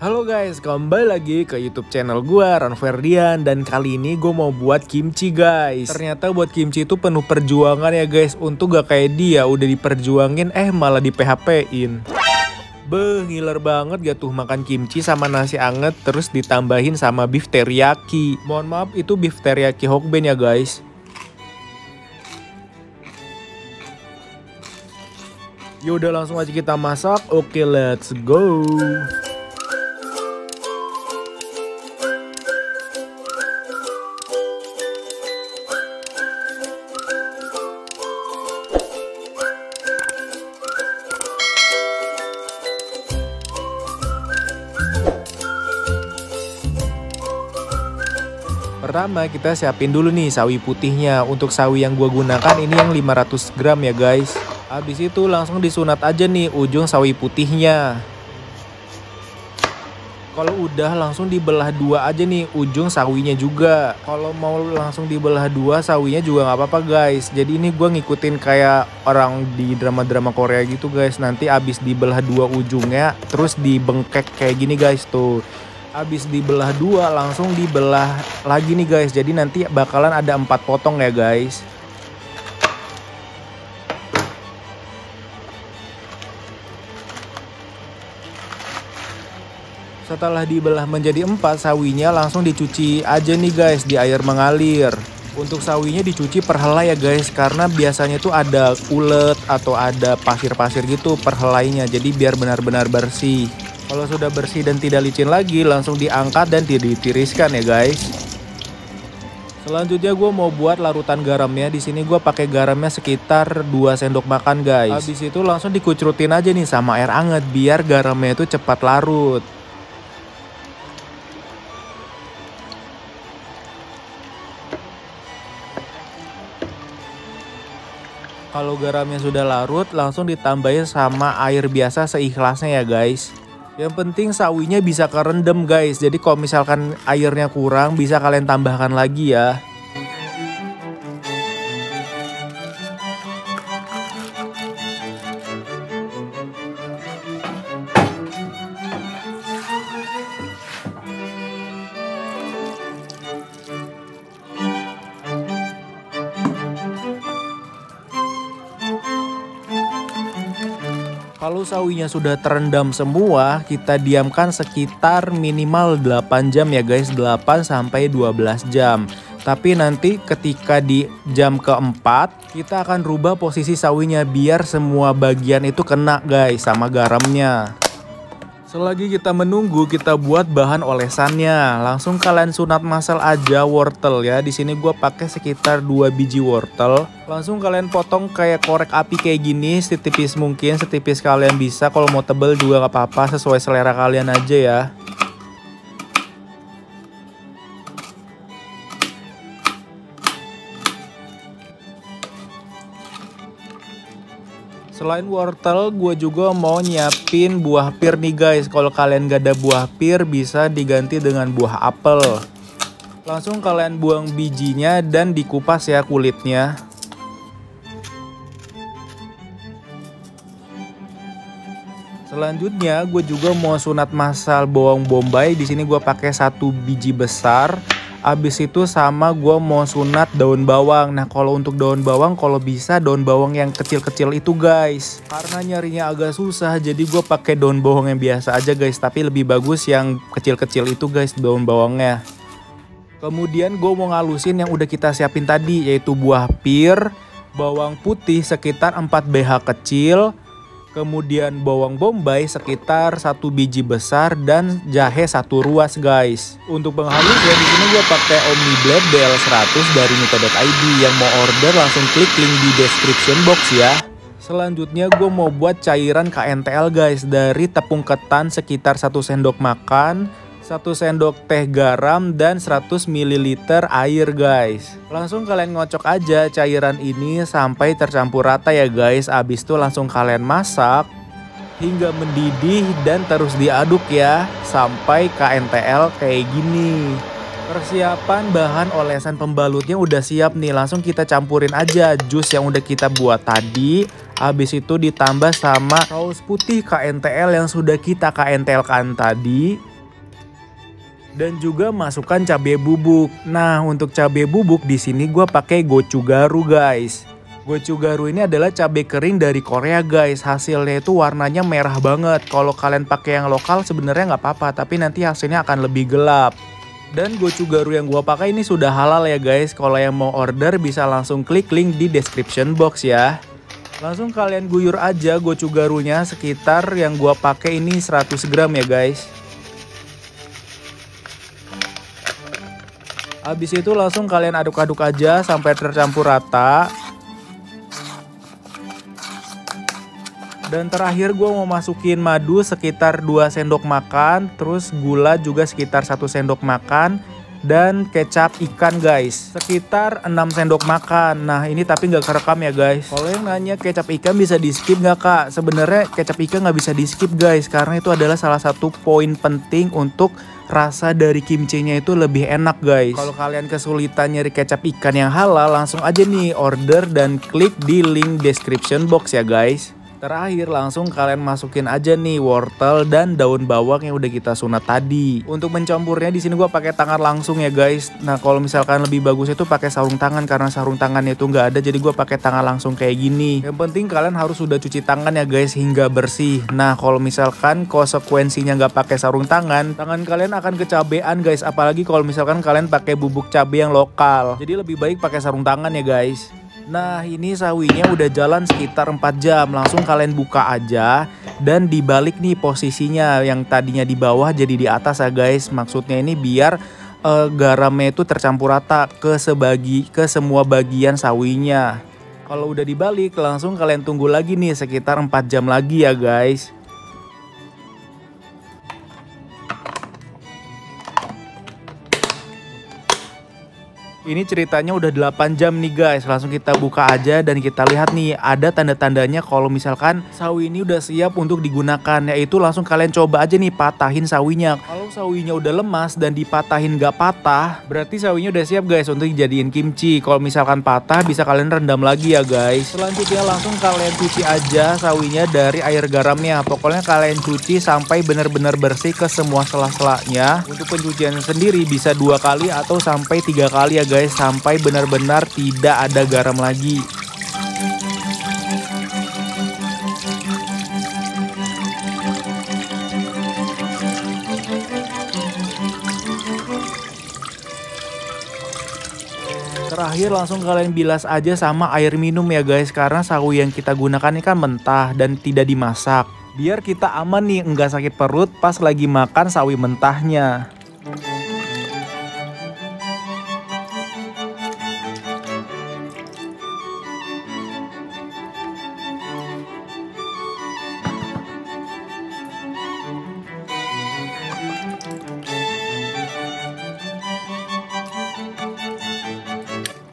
Halo guys, kembali lagi ke YouTube channel gue Ron Ferdian dan kali ini gue mau buat kimchi guys. Ternyata buat kimchi itu penuh perjuangan ya guys. Untuk gak kayak dia udah diperjuangin eh malah di PHP-in. Beuh, ngiler banget gak tuh makan kimchi sama nasi anget terus ditambahin sama beef teriyaki. Mohon maaf itu beef teriyaki Hokben ya guys. Yaudah langsung aja kita masak. Oke, let's go. Pertama kita siapin dulu nih sawi putihnya. Untuk sawi yang gua gunakan ini yang 500 gram ya guys. Habis itu langsung disunat aja nih ujung sawi putihnya. Kalau udah langsung dibelah dua aja nih ujung sawinya juga. Kalau mau langsung dibelah dua sawinya juga nggak apa-apa guys. Jadi ini gua ngikutin kayak orang di drama-drama Korea gitu guys. Nanti abis dibelah dua ujungnya terus dibengkek kayak gini guys tuh habis dibelah dua langsung dibelah lagi nih guys. Jadi nanti bakalan ada empat potong ya guys. Setelah dibelah menjadi empat, sawinya langsung dicuci aja nih guys di air mengalir. Untuk sawinya dicuci perhelai ya guys karena biasanya tuh ada ulet atau ada pasir-pasir gitu perhelainya jadi biar benar-benar bersih. Kalau sudah bersih dan tidak licin lagi, langsung diangkat dan ditiriskan ya guys. Selanjutnya gue mau buat larutan garamnya. Di sini gue pakai garamnya sekitar 2 sendok makan guys. Habis itu langsung dikucurutin aja nih sama air anget biar garamnya itu cepat larut. Kalau garamnya sudah larut, langsung ditambahin sama air biasa seikhlasnya ya guys. Yang penting sawinya bisa kerendam guys. Jadi kalau misalkan airnya kurang bisa kalian tambahkan lagi ya. Kalau sawinya sudah terendam semua, kita diamkan sekitar minimal 8 jam ya guys, 8 sampai 12 jam. Tapi nanti ketika di jam keempat, kita akan rubah posisi sawinya biar semua bagian itu kena guys sama garamnya. Selagi kita menunggu, kita buat bahan olesannya. Langsung kalian sunat masal aja wortel ya. Di sini gue pakai sekitar dua biji wortel. Langsung kalian potong kayak korek api kayak gini, setipis mungkin, setipis kalian bisa. Kalau mau tebel juga nggak apa-apa, sesuai selera kalian aja ya. Selain wortel, gue juga mau nyiapin buah pir nih guys. Kalau kalian gak ada buah pir, bisa diganti dengan buah apel. Langsung kalian buang bijinya dan dikupas ya kulitnya. Selanjutnya, gue juga mau sunat masal bawang bombay. Di sini gue pakai satu biji besar. Abis itu sama gue mau sunat daun bawang. Nah kalau untuk daun bawang kalau bisa daun bawang yang kecil-kecil itu guys. Karena nyarinya agak susah jadi gue pakai daun bawang yang biasa aja guys. Tapi lebih bagus yang kecil-kecil itu guys daun bawangnya. Kemudian gue mau ngalusin yang udah kita siapin tadi yaitu buah pir, bawang putih sekitar 4 BH kecil, Kemudian bawang bombay sekitar satu biji besar dan jahe satu ruas guys. Untuk penghalus ya di sini gue pakai Omni Blade BL100 dari ID yang mau order langsung klik link di description box ya. Selanjutnya gue mau buat cairan KNTL guys dari tepung ketan sekitar satu sendok makan 1 sendok teh garam dan 100 ml air guys. Langsung kalian ngocok aja cairan ini sampai tercampur rata ya guys. Abis itu langsung kalian masak hingga mendidih dan terus diaduk ya sampai KNTL kayak gini. Persiapan bahan olesan pembalutnya udah siap nih, langsung kita campurin aja jus yang udah kita buat tadi. abis itu ditambah sama saus putih KNTL yang sudah kita kntl tadi dan juga masukkan cabai bubuk. Nah, untuk cabai bubuk di sini gue pakai gochugaru guys. Gochugaru ini adalah cabai kering dari Korea guys. Hasilnya itu warnanya merah banget. Kalau kalian pakai yang lokal sebenarnya nggak apa-apa, tapi nanti hasilnya akan lebih gelap. Dan gochugaru yang gue pakai ini sudah halal ya guys. Kalau yang mau order bisa langsung klik link di description box ya. Langsung kalian guyur aja gochugarunya sekitar yang gue pakai ini 100 gram ya guys. Habis itu langsung kalian aduk-aduk aja sampai tercampur rata. Dan terakhir gue mau masukin madu sekitar 2 sendok makan, terus gula juga sekitar 1 sendok makan, dan kecap ikan guys sekitar 6 sendok makan nah ini tapi nggak kerekam ya guys kalau yang nanya kecap ikan bisa di skip nggak kak sebenarnya kecap ikan nggak bisa di skip guys karena itu adalah salah satu poin penting untuk rasa dari kimchi itu lebih enak guys. Kalau kalian kesulitan nyari kecap ikan yang halal, langsung aja nih order dan klik di link description box ya guys. Terakhir langsung kalian masukin aja nih wortel dan daun bawang yang udah kita sunat tadi. Untuk mencampurnya di sini gue pakai tangan langsung ya guys. Nah kalau misalkan lebih bagus itu pakai sarung tangan karena sarung tangannya itu nggak ada jadi gue pakai tangan langsung kayak gini. Yang penting kalian harus sudah cuci tangan ya guys hingga bersih. Nah kalau misalkan konsekuensinya nggak pakai sarung tangan, tangan kalian akan kecabean guys. Apalagi kalau misalkan kalian pakai bubuk cabe yang lokal. Jadi lebih baik pakai sarung tangan ya guys. Nah ini sawinya udah jalan sekitar 4 jam Langsung kalian buka aja Dan dibalik nih posisinya Yang tadinya di bawah jadi di atas ya guys Maksudnya ini biar uh, garamnya itu tercampur rata ke, sebagi, ke semua bagian sawinya Kalau udah dibalik langsung kalian tunggu lagi nih sekitar 4 jam lagi ya guys Ini ceritanya udah 8 jam nih guys. Langsung kita buka aja dan kita lihat nih ada tanda-tandanya kalau misalkan sawi ini udah siap untuk digunakan. Yaitu langsung kalian coba aja nih patahin sawinya. Kalau sawinya udah lemas dan dipatahin gak patah, berarti sawinya udah siap guys untuk dijadiin kimchi. Kalau misalkan patah bisa kalian rendam lagi ya guys. Selanjutnya langsung kalian cuci aja sawinya dari air garamnya. Pokoknya kalian cuci sampai benar-benar bersih ke semua sela-selanya. Untuk pencucian sendiri bisa dua kali atau sampai tiga kali ya guys guys sampai benar-benar tidak ada garam lagi. Terakhir langsung kalian bilas aja sama air minum ya guys karena sawi yang kita gunakan ini kan mentah dan tidak dimasak. Biar kita aman nih enggak sakit perut pas lagi makan sawi mentahnya.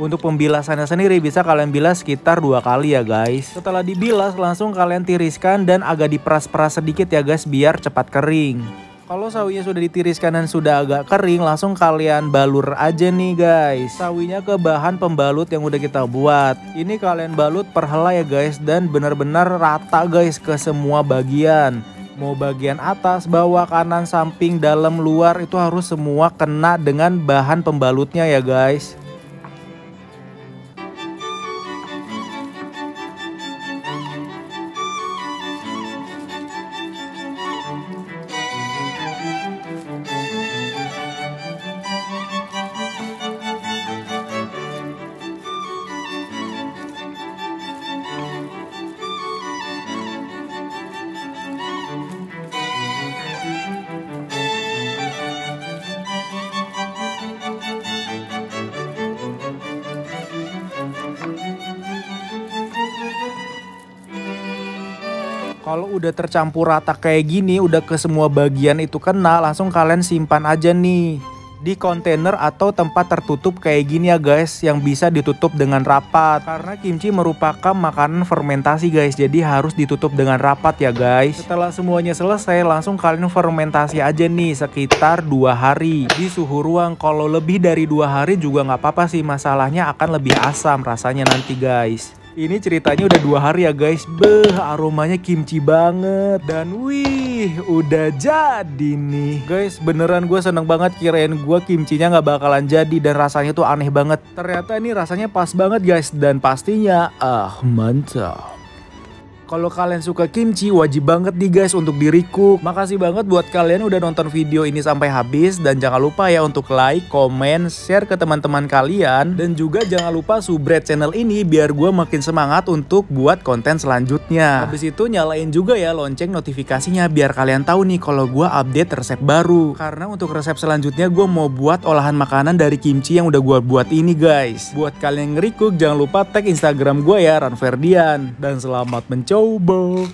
Untuk pembilasannya sendiri bisa kalian bilas sekitar dua kali ya guys. Setelah dibilas langsung kalian tiriskan dan agak diperas-peras sedikit ya guys biar cepat kering. Kalau sawinya sudah ditiriskan dan sudah agak kering, langsung kalian balur aja nih guys. Sawinya ke bahan pembalut yang udah kita buat. Ini kalian balut perhelai ya guys dan benar-benar rata guys ke semua bagian. Mau bagian atas, bawah, kanan, samping, dalam, luar itu harus semua kena dengan bahan pembalutnya ya guys. Kalau udah tercampur rata kayak gini, udah ke semua bagian itu kena, langsung kalian simpan aja nih di kontainer atau tempat tertutup kayak gini ya guys yang bisa ditutup dengan rapat karena kimchi merupakan makanan fermentasi guys jadi harus ditutup dengan rapat ya guys setelah semuanya selesai langsung kalian fermentasi aja nih sekitar dua hari di suhu ruang kalau lebih dari dua hari juga nggak apa-apa sih masalahnya akan lebih asam rasanya nanti guys ini ceritanya udah dua hari ya guys. Beh, aromanya kimchi banget. Dan wih, udah jadi nih. Guys, beneran gue seneng banget kirain gue kimchinya gak bakalan jadi. Dan rasanya tuh aneh banget. Ternyata ini rasanya pas banget guys. Dan pastinya, ah mantap. Kalau kalian suka kimchi, wajib banget nih guys untuk diriku. Makasih banget buat kalian udah nonton video ini sampai habis. Dan jangan lupa ya untuk like, komen, share ke teman-teman kalian. Dan juga jangan lupa subscribe channel ini biar gue makin semangat untuk buat konten selanjutnya. Habis itu nyalain juga ya lonceng notifikasinya biar kalian tahu nih kalau gue update resep baru. Karena untuk resep selanjutnya gue mau buat olahan makanan dari kimchi yang udah gue buat ini guys. Buat kalian yang ngerikuk jangan lupa tag Instagram gue ya Ranferdian. Dan selamat mencoba. Noble.